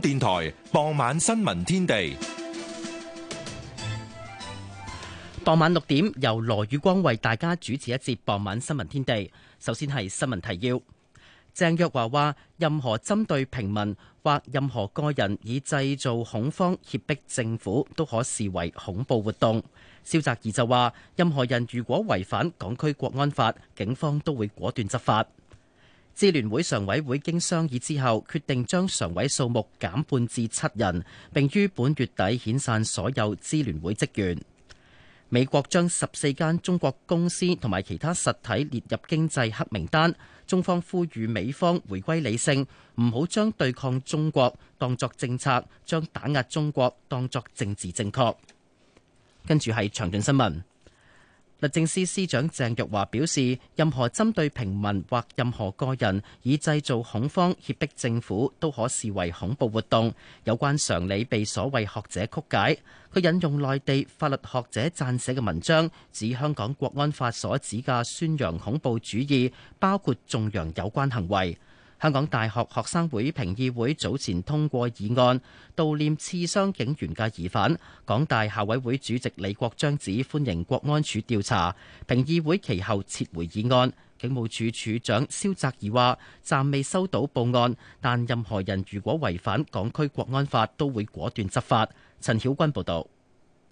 電台傍晚新聞天地，傍晚六點由羅宇光為大家主持一節傍晚新聞天地。首先係新聞提要，鄭若驊話：任何針對平民或任何個人以製造恐慌脅迫政府，都可視為恐怖活動。蕭澤頤就話：任何人如果違反港區國安法，警方都會果斷執法。支聯會常委會經商議之後，決定將常委數目減半至七人，並於本月底遣散所有支聯會職員。美國將十四間中國公司同埋其他實體列入經濟黑名單，中方呼籲美方回歸理性，唔好將對抗中國當作政策，將打壓中國當作政治正確。跟住係詳盡新聞。律政司司長鄭若驊表示，任何針對平民或任何個人以製造恐慌脅迫政府，都可視為恐怖活動。有關常理被所謂學者曲解，佢引用內地法律學者撰寫嘅文章，指香港國安法所指嘅宣揚恐怖主義，包括縱容有關行為。香港大學學生會評議會早前通過議案，悼念刺傷警員嘅疑犯，港大校委會主席李國章指歡迎國安處調查，評議會其後撤回議案。警務處處長蕭澤頤話暫未收到報案，但任何人如果違反港區國安法，都會果斷執法。陳曉君報道。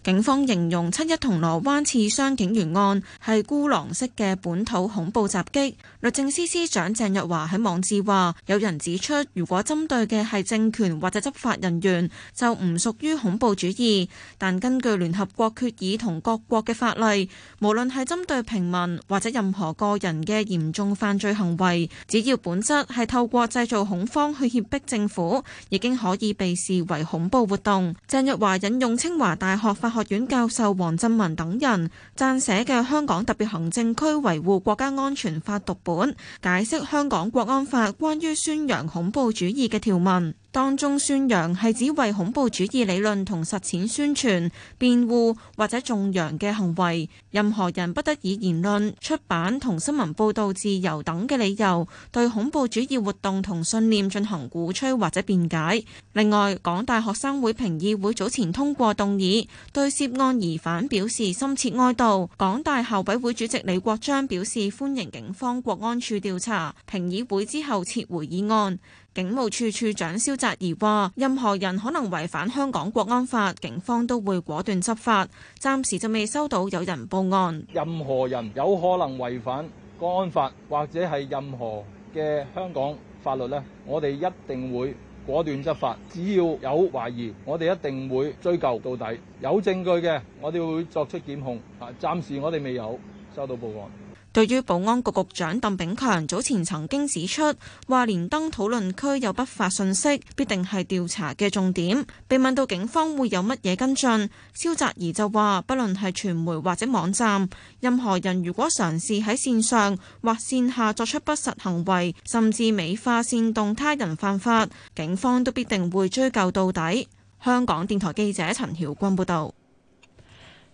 警方形容七一銅鑼灣刺傷警員案係孤狼式嘅本土恐怖襲擊。律政司司長鄭若驊喺網誌話，有人指出，如果針對嘅係政權或者執法人員就唔屬於恐怖主義，但根據聯合國決議同各國嘅法例，無論係針對平民或者任何個人嘅嚴重犯罪行為，只要本質係透過製造恐慌去脅迫政府，已經可以被視為恐怖活動。鄭若驊引用清華大學法學院教授黃振文等人撰寫嘅《香港特別行政區維護國家安全法》讀本，解釋香港國安法關於宣揚恐怖主義嘅條文。當中宣揚係指為恐怖主義理論同實踐宣傳、辯護或者縱容嘅行為。任何人不得以言論、出版同新聞報導自由等嘅理由對恐怖主義活動同信念進行鼓吹或者辯解。另外，港大學生會評議會早前通過動議，對涉案疑犯表示深切哀悼。港大校委會主席李國章表示歡迎警方國安處調查。評議會之後撤回議案。警務處處長蕭澤頤話：任何人可能違反香港國安法，警方都會果斷執法。暫時就未收到有人報案。任何人有可能違反國安法或者係任何嘅香港法律呢，我哋一定會果斷執法。只要有懷疑，我哋一定會追究到底。有證據嘅，我哋會作出檢控。啊，暫時我哋未有收到報案。對於保安局局長鄧炳強早前曾經指出，話連登討論區有不法信息，必定係調查嘅重點。被問到警方會有乜嘢跟進，蕭澤怡就話：不論係傳媒或者網站，任何人如果嘗試喺線上或線下作出不實行為，甚至美化煽動他人犯法，警方都必定會追究到底。香港電台記者陳曉君報道。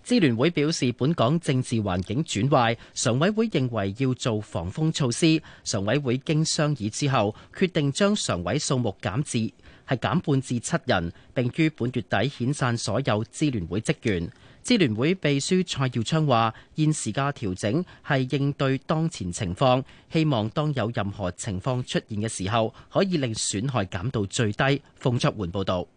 支聯會表示，本港政治環境轉壞，常委會認為要做防風措施。常委會經商議之後，決定將常委數目減至係減半至七人。並於本月底遣散所有支聯會職員。支聯會秘書蔡耀昌話：現時嘅調整係應對當前情況，希望當有任何情況出現嘅時候，可以令損害減到最低。馮卓桓報導。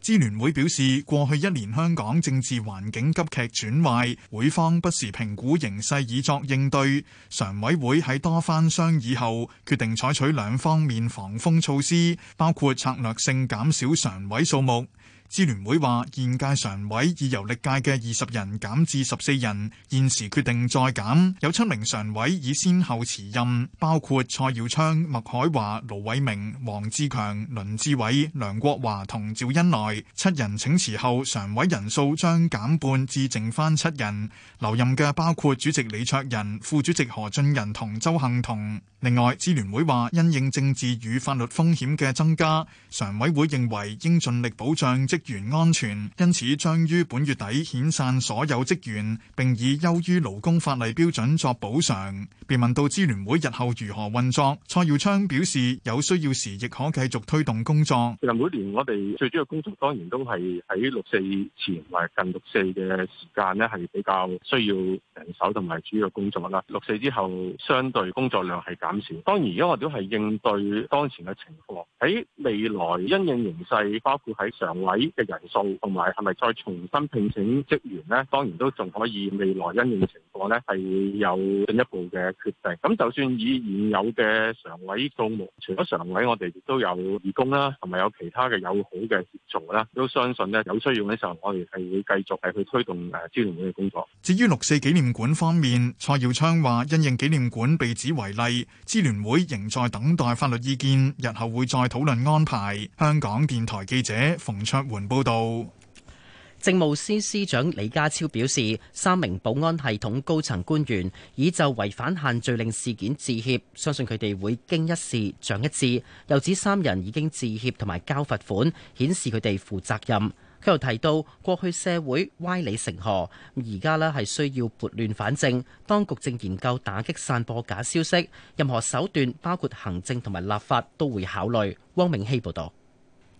支聯會表示，過去一年香港政治環境急劇轉壞，會方不時評估形勢以作應對。常委會喺多番商議後，決定採取兩方面防風措施，包括策略性減少常委數目。支聯會話，現屆常委已由歷屆嘅二十人減至十四人，現時決定再減，有七名常委已先後辭任，包括蔡耀昌、麥海華、盧偉明、黃志強、林志偉、梁國華同趙恩來。七人請辭後，常委人數將減半至剩翻七人，留任嘅包括主席李卓人、副主席何俊仁同周幸彤。另外，支聯會話因應政治與法律風險嘅增加，常委會認為應盡力保障職員安全，因此將於本月底遣散所有職員，並以優於勞工法例標準作補償。被問到支聯會日後如何運作，蔡耀昌表示，有需要時亦可繼續推動工作。其實每年我哋最主要的工作當然都係喺六四前或近六四嘅時間咧，係比較需要人手同埋主要的工作啦。六四之後相對工作量係減。減少，當然而家我哋都係應對當前嘅情況。喺未來因應形勢，包括喺常委嘅人數同埋係咪再重新聘請職員呢，當然都仲可以未來因應情況呢，係有進一步嘅決定。咁就算以現有嘅常委數目，除咗常委，我哋亦都有義工啦，同埋有其他嘅友好嘅協助啦，都相信呢，有需要嘅時候，我哋係會繼續係去推動誒支聯會嘅工作。至於六四紀念館方面，蔡耀昌話：因應紀念館被指違例。支聯會仍在等待法律意見，日後會再討論安排。香港電台記者馮卓援報導。政務司司長李家超表示，三名保安系統高層官員已就違反限聚令事件致歉，相信佢哋會經一事長一智。又指三人已經致歉同埋交罰款，顯示佢哋負責任。佢又提到，過去社會歪理成河，而家咧係需要撥亂反正。當局正研究打擊散播假消息，任何手段包括行政同埋立法都會考慮。汪明希報導。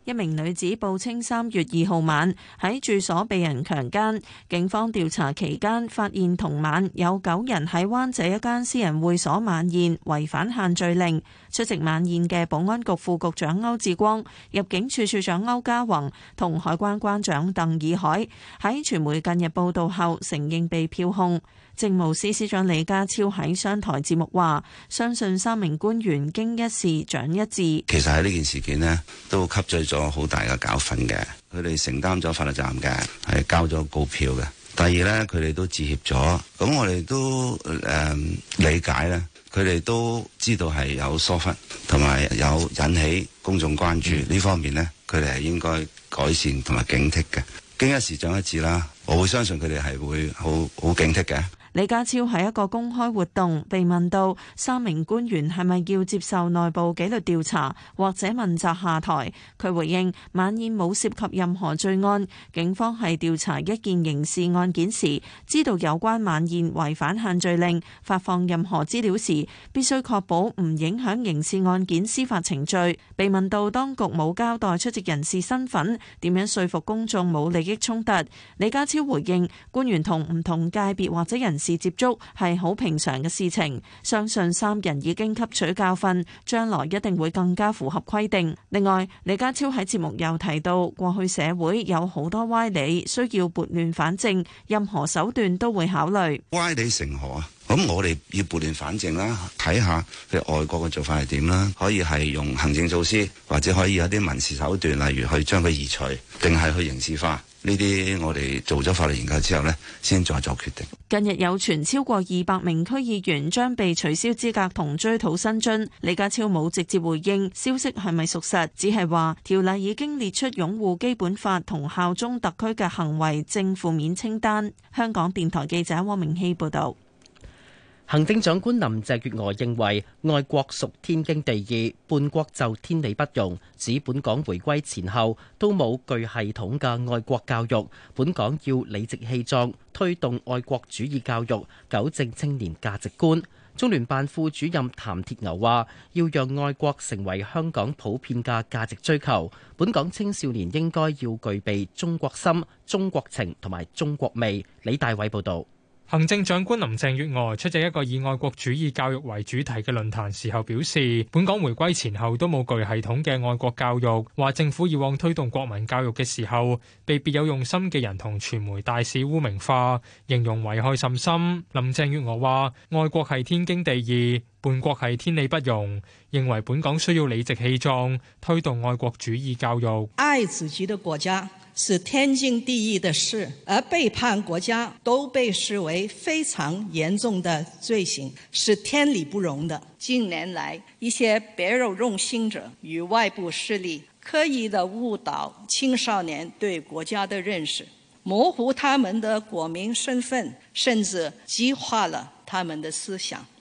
一名女子報稱三月二號晚喺住所被人強姦。警方調查期間發現同晚有九人喺灣仔一間私人會所晚宴，違反限聚令。出席晚宴嘅保安局副局長區志光、入境處處長區嘉宏同海關關長鄧以海喺傳媒近日報導後承認被票控。政務司司長李家超喺商台節目話：相信三名官員經一事長一智。其實喺呢件事件呢，都吸取咗好大嘅教訓嘅。佢哋承擔咗法律責任嘅，係交咗告票嘅。第二呢，佢哋都致歉咗。咁我哋都誒、嗯、理解咧，佢哋都知道係有疏忽，同埋有，有引起公眾關注呢、嗯、方面呢，佢哋係應該改善同埋警惕嘅。經一事長一智啦，我會相信佢哋係會好好警惕嘅。李家超喺一個公開活動被問到三名官員係咪要接受內部紀律調查或者問責下台，佢回應晚宴冇涉及任何罪案，警方喺調查一件刑事案件時，知道有關晚宴違反限聚令，發放任何資料時必須確保唔影響刑事案件司法程序。被問到當局冇交代出席人士身份，點樣說服公眾冇利益衝突，李家超回應官員同唔同界別或者人是接觸係好平常嘅事情，相信三人已經吸取教訓，將來一定會更加符合規定。另外，李家超喺節目又提到，過去社會有好多歪理，需要撥亂反正，任何手段都會考慮。歪理成何？咁我哋要撥亂反正啦，睇下佢外國嘅做法係點啦，可以係用行政措施，或者可以有啲民事手段，例如去將佢移除，定係去刑事化呢啲？我哋做咗法律研究之後呢，先再作決定。近日有傳超過二百名區議員將被取消資格同追討薪津，李家超冇直接回應消息係咪屬實，只係話條例已經列出擁護基本法同效忠特區嘅行為正負面清單。香港電台記者汪明熙報道。行政長官林鄭月娥認為愛國屬天經地義，叛國就天理不容。指本港回歸前後都冇具系統嘅愛國教育，本港要理直氣壯推動愛國主義教育，糾正青年價值觀。中聯辦副主任譚鐵牛話，要讓愛國成為香港普遍嘅價值追求。本港青少年應該要具備中國心、中國情同埋中國味。李大偉報道。行政長官林鄭月娥出席一個以愛國主義教育為主題嘅論壇時候表示，本港回歸前後都冇具系統嘅愛國教育，話政府以往推動國民教育嘅時候，被別有用心嘅人同傳媒大肆污名化，形容危害甚深。林鄭月娥話：愛國係天經地義。叛國係天理不容，認為本港需要理直氣壯推動愛國主義教育。愛自己的國家是天經地義的事，而背叛國家都被視為非常嚴重的罪行，是天理不容的。近年來，一些別有用心者與外部勢力刻意的誤導青少年對國家的認識，模糊他們的國民身份，甚至激化了他們的思想。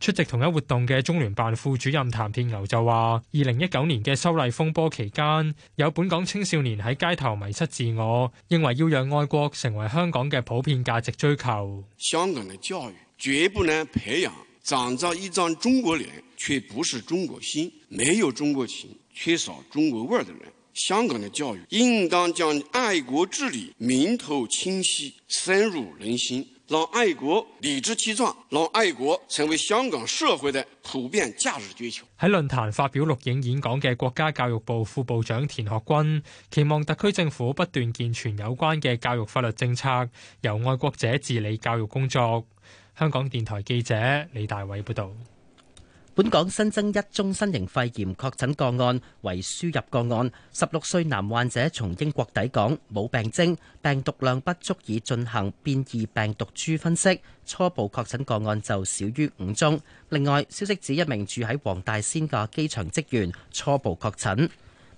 出席同一活動嘅中聯辦副主任譚鐵牛就話，二零一九年嘅修例風波期間，有本港青少年喺街頭迷失自我，認為要讓愛國成為香港嘅普遍價值追求。香港嘅教育絕不能培養長着一張中國臉卻不是中國心、沒有中國情、缺少中國味嘅的人。香港嘅教育應當將愛國治理名頭清晰、深入人心。讓愛國理直氣壯，讓愛國成為香港社會的普遍價值追求。喺論壇發表錄影演講嘅國家教育部副部長田學軍期望特區政府不斷健全有關嘅教育法律政策，由愛國者治理教育工作。香港電台記者李大偉報道。本港新增一宗新型肺炎確診個案，為輸入個案，十六歲男患者從英國抵港，冇病徵，病毒量不足以進行變異病毒株分析，初步確診個案就少於五宗。另外，消息指一名住喺黃大仙嘅機場職員初步確診。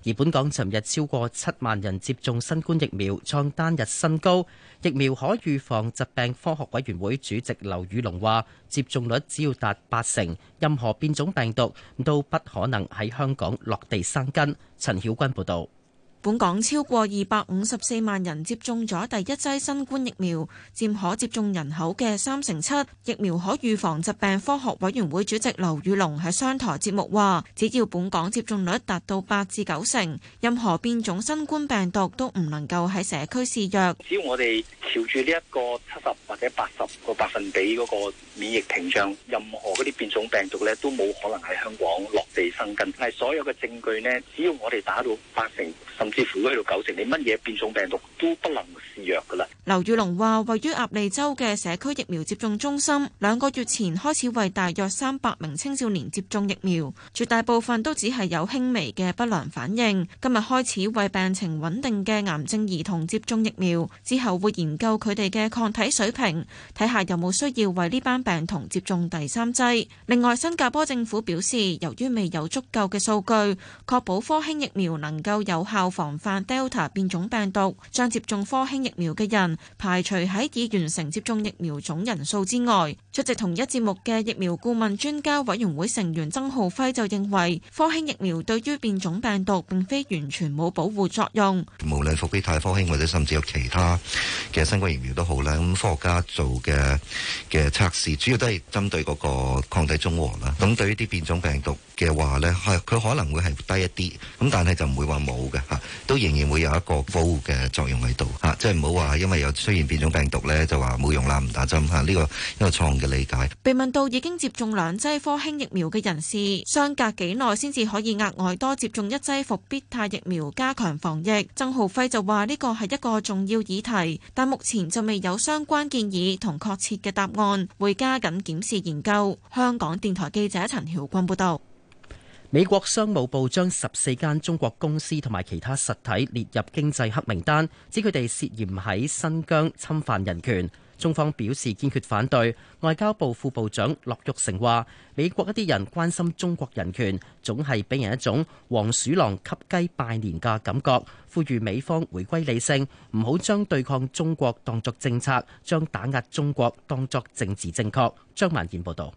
而本港尋日超過七萬人接種新冠疫苗，創單日新高。疫苗可預防疾病科學委員會主席劉宇龍話，接種率只要達八成，任何變種病毒都不可能喺香港落地生根。陳曉君報導。本港超過二百五十四萬人接種咗第一劑新冠疫苗，佔可接種人口嘅三成七。疫苗可預防疾病科學委員會主席劉宇龍喺商台節目話：只要本港接種率達到八至九成，任何變種新冠病毒都唔能夠喺社區肆虐。只要我哋朝住呢一個七十或者八十個百分比嗰個免疫屏障，任何嗰啲變種病毒咧都冇可能喺香港落地生根，係所有嘅證據呢，只要我哋打到八成，甚至乎去到九成，你乜嘢變種病毒都不能試藥噶啦。劉宇龍話：位於鴨脷洲嘅社區疫苗接種中心，兩個月前開始為大約三百名青少年接種疫苗，絕大部分都只係有輕微嘅不良反應。今日開始為病情穩定嘅癌症兒童接種疫苗，之後會研究佢哋嘅抗體水平，睇下有冇需要為呢班病童接種第三劑。另外，新加坡政府表示，由於未有足夠嘅數據，確保科興疫苗能夠有效防範 Delta 變種病毒，將接種科興疫苗嘅人排除喺已完成接種疫苗總人數之外。出席同一節目嘅疫苗顧問專家委員會成員曾浩輝就認為，科興疫苗對於變種病毒並非完全冇保護作用。無論復必泰科興或者甚至有其他嘅新冠疫苗都好啦。咁科學家做嘅嘅測試，主要都係針對嗰個抗體中和啦。咁對於啲變種病毒嘅。話呢，佢佢可能會係低一啲咁，但係就唔會話冇嘅嚇，都仍然會有一個保護嘅作用喺度嚇，即係唔好話因為有出現變種病毒咧，就話冇用啦，唔打針嚇呢、這個一個錯誤嘅理解。被問到已經接種兩劑科興疫苗嘅人士，相隔幾耐先至可以額外多接種一劑復必泰疫苗加強防疫？曾浩輝就話呢個係一個重要議題，但目前就未有相關建議同確切嘅答案，會加緊檢視研究。香港電台記者陳曉君報導。美國商務部將十四間中國公司同埋其他實體列入經濟黑名單，指佢哋涉嫌喺新疆侵犯人權。中方表示堅決反對。外交部副部長駱玉成話：美國一啲人關心中國人權，總係俾人一種黃鼠狼給雞拜年嘅感覺。呼籲美方回歸理性，唔好將對抗中國當作政策，將打壓中國當作政治正確。張曼健報道。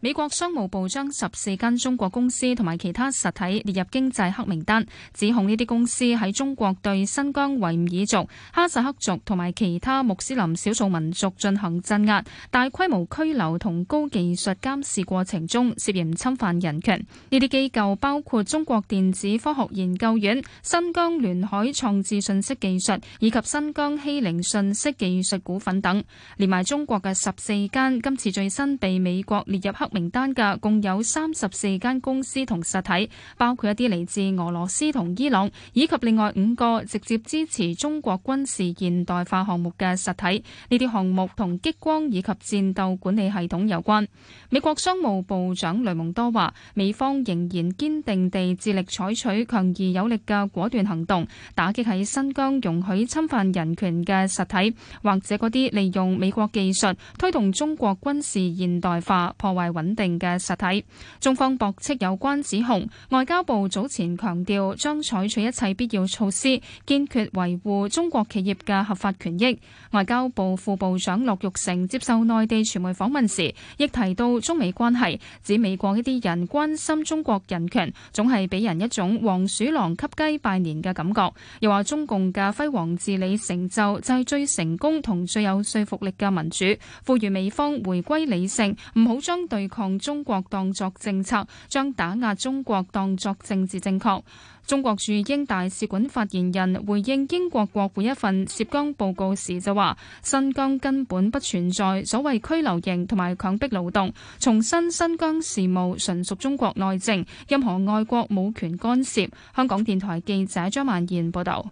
美國商務部將十四間中國公司同埋其他實體列入經濟黑名單，指控呢啲公司喺中國對新疆維吾爾族、哈薩克族同埋其他穆斯林少數民族進行鎮壓、大規模拘留同高技術監視過程中涉嫌侵犯人權。呢啲機構包括中國電子科學研究院、新疆聯海創智信息技術以及新疆欺凌信息技術股份等，連埋中國嘅十四間今次最新被美國列入黑名單嘅共有三十四間公司同實體，包括一啲嚟自俄羅斯同伊朗，以及另外五個直接支持中國軍事現代化項目嘅實體。呢啲項目同激光以及戰鬥管理系統有關。美國商務部長雷蒙多話，美方仍然堅定地致力採取強而有力嘅果斷行動，打擊喺新疆容許侵犯人權嘅實體，或者嗰啲利用美國技術推動中國軍事現代化破壞。穩定嘅實體，中方駁斥有關指控。外交部早前強調，將採取一切必要措施，堅決維護中國企業嘅合法權益。外交部副部長樂玉成接受內地傳媒訪問時，亦提到中美關係，指美國一啲人關心中國人權，總係俾人一種黃鼠狼給雞拜年嘅感覺。又話中共嘅輝煌治理成就就係最成功同最有說服力嘅民主，呼籲美方回歸理性，唔好將對。抗中國當作政策，將打壓中國當作政治正確。中國駐英大使館發言人回應英國國會一份涉疆報告時就話：新疆根本不存在所謂拘留營同埋強迫勞動，重申新，新疆事務純屬中國內政，任何外國冇權干涉。香港電台記者張曼燕報道。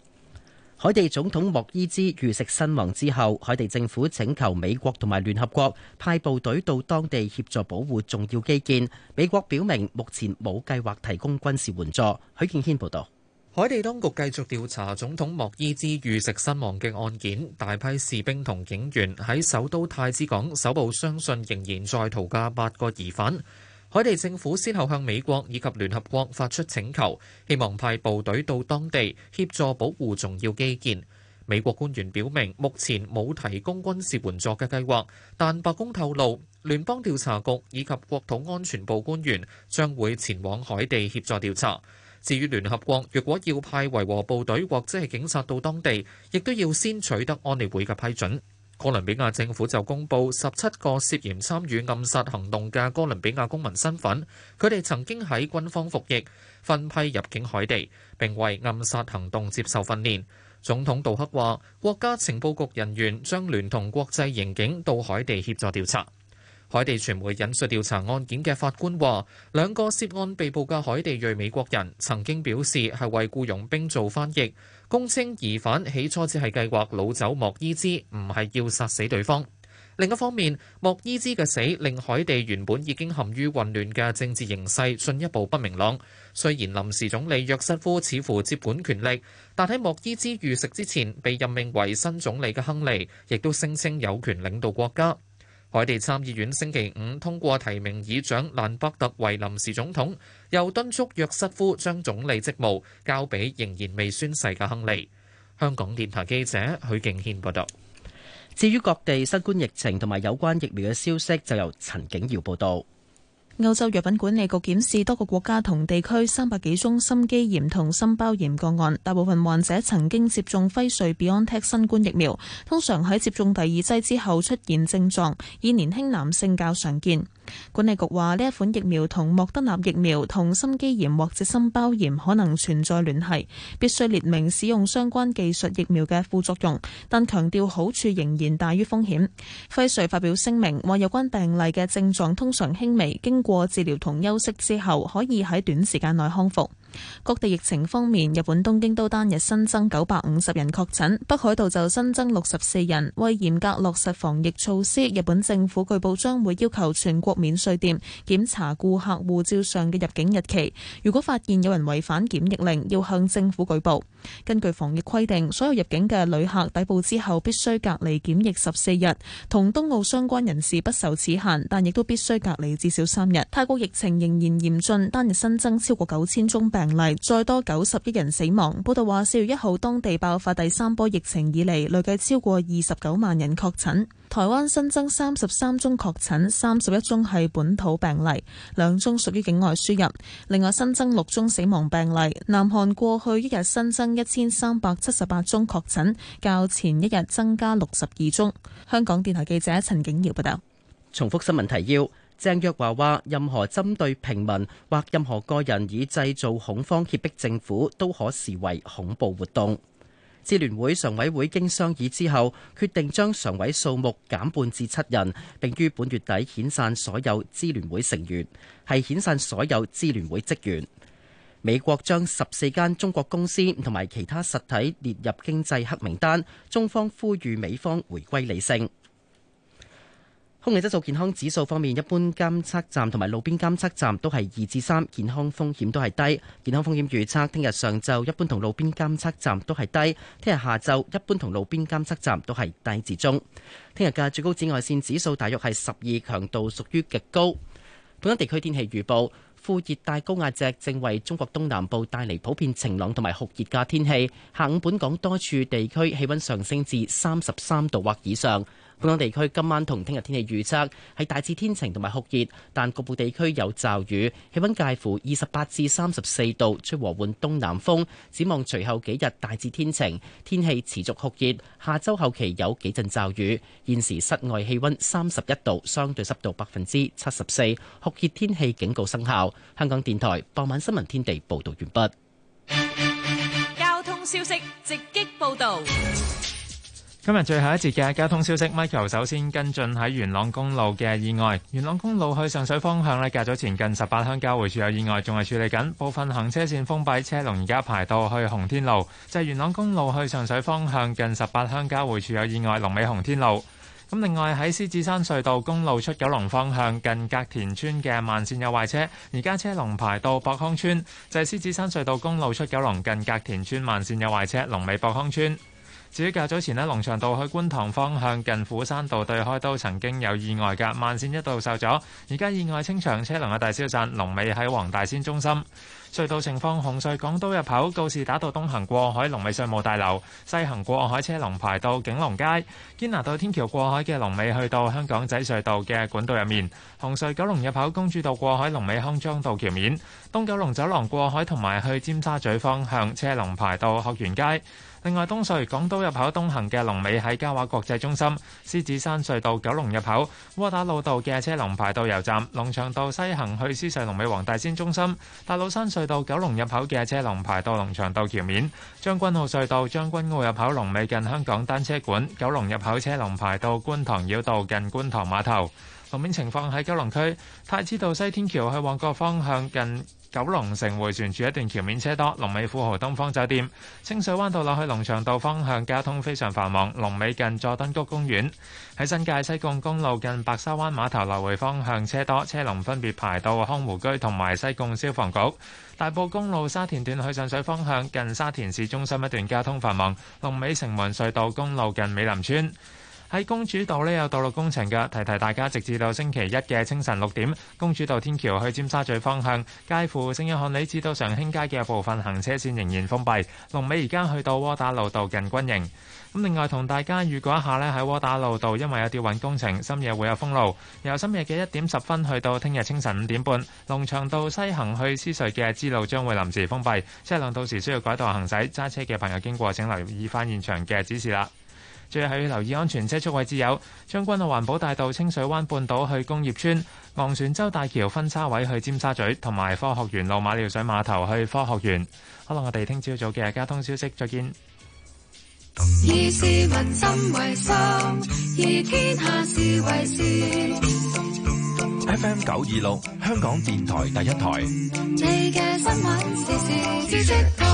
海地總統莫伊茲遇刺身亡之後，海地政府請求美國同埋聯合國派部隊到當地協助保護重要基建。美國表明目前冇計劃提供軍事援助。許建軒報道。海地當局繼續調查總統莫伊茲遇刺身亡嘅案件。大批士兵同警員喺首都太子港搜捕相信仍然在逃嘅八個疑犯。海地政府先後向美國以及聯合國發出請求，希望派部隊到當地協助保護重要基建。美國官員表明目前冇提供軍事援助嘅計劃，但白宮透露，聯邦調查局以及國土安全部官員將會前往海地協助調查。至於聯合國，如果要派維和部隊或者係警察到當地，亦都要先取得安理會嘅批准。哥倫比亞政府就公布十七個涉嫌參與暗殺行動嘅哥倫比亞公民身份，佢哋曾經喺軍方服役、分批入境海地、並為暗殺行動接受訓練。總統杜克話，國家情報局人員將聯同國際刑警到海地協助調查。海地傳媒引述調查案件嘅法官話，兩個涉案被捕嘅海地裔美國人曾經表示係為僱傭兵做翻譯。公稱疑犯起初只係計劃擄走莫伊茲，唔係要殺死對方。另一方面，莫伊茲嘅死令海地原本已經陷於混亂嘅政治形勢進一步不明朗。雖然臨時總理約瑟夫似乎接管權力，但喺莫伊茲遇襲之前被任命為新總理嘅亨利，亦都聲稱有權領導國家。海地參議院星期五通過提名議長蘭伯特為臨時總統，又敦促約瑟夫將總理職務交俾仍然未宣誓嘅亨利。香港電台記者許敬軒報導。至於各地新冠疫情同埋有關疫苗嘅消息，就由陳景堯報導。歐洲藥品管理局檢視多個國家同地區三百幾宗心肌炎同心包炎個案，大部分患者曾經接種輝瑞、BioNTech 新冠疫苗，通常喺接種第二劑之後出現症狀，以年輕男性較常見。管理局話呢一款疫苗同莫德納疫苗同心肌炎或者心包炎可能存在聯繫，必須列明使用相關技術疫苗嘅副作用，但強調好處仍然大於風險。輝瑞發表聲明話有關病例嘅症狀通常輕微，經過治療同休息之後可以喺短時間內康復。各地疫情方面，日本東京都單日新增九百五十人確診，北海道就新增六十四人。為嚴格落實防疫措施，日本政府據報將會要求全國免稅店檢查顧客護照上嘅入境日期，如果發現有人違反檢疫令，要向政府舉報。根據防疫規定，所有入境嘅旅客抵埗之後必須隔離檢疫十四日，同東澳相關人士不受此限，但亦都必須隔離至少三日。泰國疫情仍然嚴峻，單日新增超過九千宗病病例再多九十一人死亡。報道話，四月一號當地爆發第三波疫情以嚟，累計超過二十九萬人確診。台灣新增三十三宗確診，三十一宗係本土病例，兩宗屬於境外輸入。另外新增六宗死亡病例。南韓過去一日新增一千三百七十八宗確診，較前一日增加六十二宗。香港電台記者陳景堯報道。重複新聞提要。鄭若驊話：任何針對平民或任何個人以製造恐慌脅迫政府，都可視為恐怖活動。支聯會常委會經商議之後，決定將常委數目減半至七人，並於本月底遣散，所有支聯會成員，係遣散所有支聯會職員。美國將十四間中國公司同埋其他實體列入經濟黑名單，中方呼籲美方回歸理性。空氣質素健康指數方面，一般監測站同埋路邊監測站都係二至三，健康風險都係低。健康風險預測，聽日上晝一般同路邊監測站都係低，聽日下晝一般同路邊監測站都係低至中。聽日嘅最高紫外線指數大約係十二，強度屬於極高。本港地區天氣預報，副熱帶高壓脊正為中國東南部帶嚟普遍晴朗同埋酷熱嘅天氣，下午本港多處地區氣温上升至三十三度或以上。本港地區今晚同聽日天氣預測係大致天晴同埋酷熱，但局部地區有驟雨，氣溫介乎二十八至三十四度，吹和緩東南風。展望隨後幾日大致天晴，天氣持續酷熱，下周後期有幾陣驟雨。現時室外氣溫三十一度，相對濕度百分之七十四，酷熱天氣警告生效。香港電台傍晚新聞天地報道完畢。交通消息直擊報道。今日最後一節嘅交通消息，Michael 首先跟進喺元朗公路嘅意外。元朗公路去上水方向呢，較早前近十八鄉交匯處有意外，仲係處理緊，部分行車線封閉，車龍而家排到去紅天路。就係、是、元朗公路去上水方向近十八鄉交匯處有意外，龍尾紅天路。咁另外喺獅、就是、獅子山隧道公路出九龍方向近隔田村嘅慢線有壞車，而家車龍排到博康村。就係獅子山隧道公路出九龍近隔田村慢線有壞車，龍尾博康村。至於較早前喺龍翔道去觀塘方向近斧山道對開都曾經有意外嘅慢線一度受阻，而家意外清場，車龍嘅大消散。龍尾喺黃大仙中心。隧道情況，紅隧港島入口告士打道東行過海龍尾，稅務大樓西行過海車龍排到景隆街，堅拿道天橋過海嘅龍尾去到香港仔隧道嘅管道入面，紅隧九龍入口公主道過海龍尾康莊道橋面，東九龍走廊過海同埋去尖沙咀方向車龍排到學園街。另外，東隧港島入口東行嘅龍尾喺嘉華國際中心；獅子山隧道九龍入口窩打老道嘅車龍排到油站；龍翔道西行去獅隧龍尾黃大仙中心；大老山隧道九龍入口嘅車龍排到龍翔道橋面；將軍澳隧道將軍澳入口龍尾近香港單車館；九龍入口車龍排到觀塘繞道近觀塘碼頭。路面情況喺九龍區，太子道西天橋去旺角方向，近九龍城回旋處一段橋面車多；龍尾富豪東方酒店，清水灣道落去龍翔道方向交通非常繁忙，龍尾近佐敦谷公園。喺新界西貢公路近白沙灣碼頭來回方向車多，車龍分別排到匡湖居同埋西貢消防局。大埔公路沙田段去上水方向近沙田市中心一段交通繁忙，龍尾城門隧道公路近美林村。喺公主道呢，有道路工程嘅，提提大家，直至到星期一嘅清晨六點，公主道天橋去尖沙咀方向，介乎聖約翰里至到常興街嘅部分行車線仍然封閉。龍尾而家去到窩打老道近軍營。咁另外同大家預告一下呢，喺窩打老道因為有吊運工程，深夜會有封路，由深夜嘅一點十分去到聽日清晨五點半。龍翔道西行去獅隧嘅支路將會臨時封閉，車輛到時需要改道行駛，揸車嘅朋友經過請留意翻現場嘅指示啦。最後要留意安全車速位置，有將軍澳環保大道、清水灣半島去工業村、昂船洲大橋分叉位去尖沙咀，同埋科學園路馬料水碼頭去科學園。好啦，我哋聽朝早嘅交通消息，再見。以天下事為事。F M 九二六， FM926，香港電台第一台。新，是是台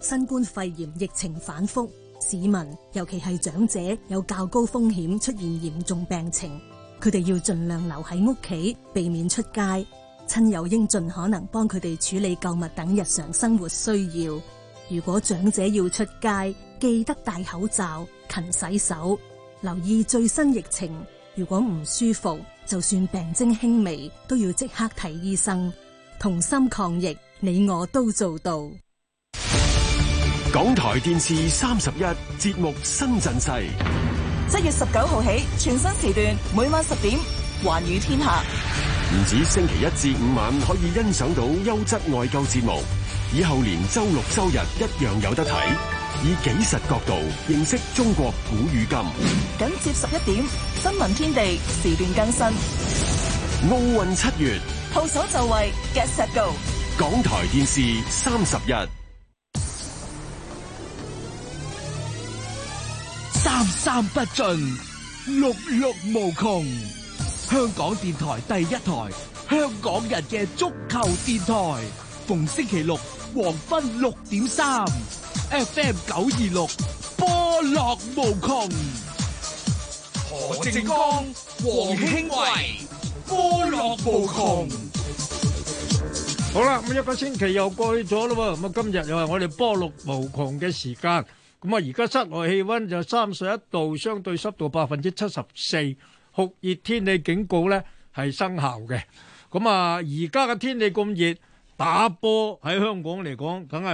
新冠肺炎疫情反覆。市民尤其係長者有較高風險出現嚴重病情，佢哋要盡量留喺屋企，避免出街。親友應盡可能幫佢哋處理購物等日常生活需要。如果長者要出街，記得戴口罩、勤洗手，留意最新疫情。如果唔舒服，就算病徵輕微，都要即刻睇醫生。同心抗疫，你我都做到。港台電視三十一節目新陣勢，七月十九號起全新時段每晚十點寰宇天下，唔止星期一至五晚可以欣賞到優質外購節目，以後連周六周日一樣有得睇。以紀實角度認識中國古與今。緊接十一點新聞天地時段更新，奧運七月鋪手就位，get set go！港台電視三十一。三不盡，六六無窮。香港電台第一台，香港人嘅足球電台。逢星期六黃昏六點三，FM 九二六，FM926, 波落無窮。何正剛、黃興偉，波落無窮。好啦，咁一個星期又過去咗咯喎，咁啊今日又係我哋波落無窮嘅時間。咁啊，而家室外氣温就三十一度，相對濕度百分之七十四，酷熱天氣警告咧係生效嘅。咁啊，而家嘅天氣咁熱，打波喺香港嚟講，梗係～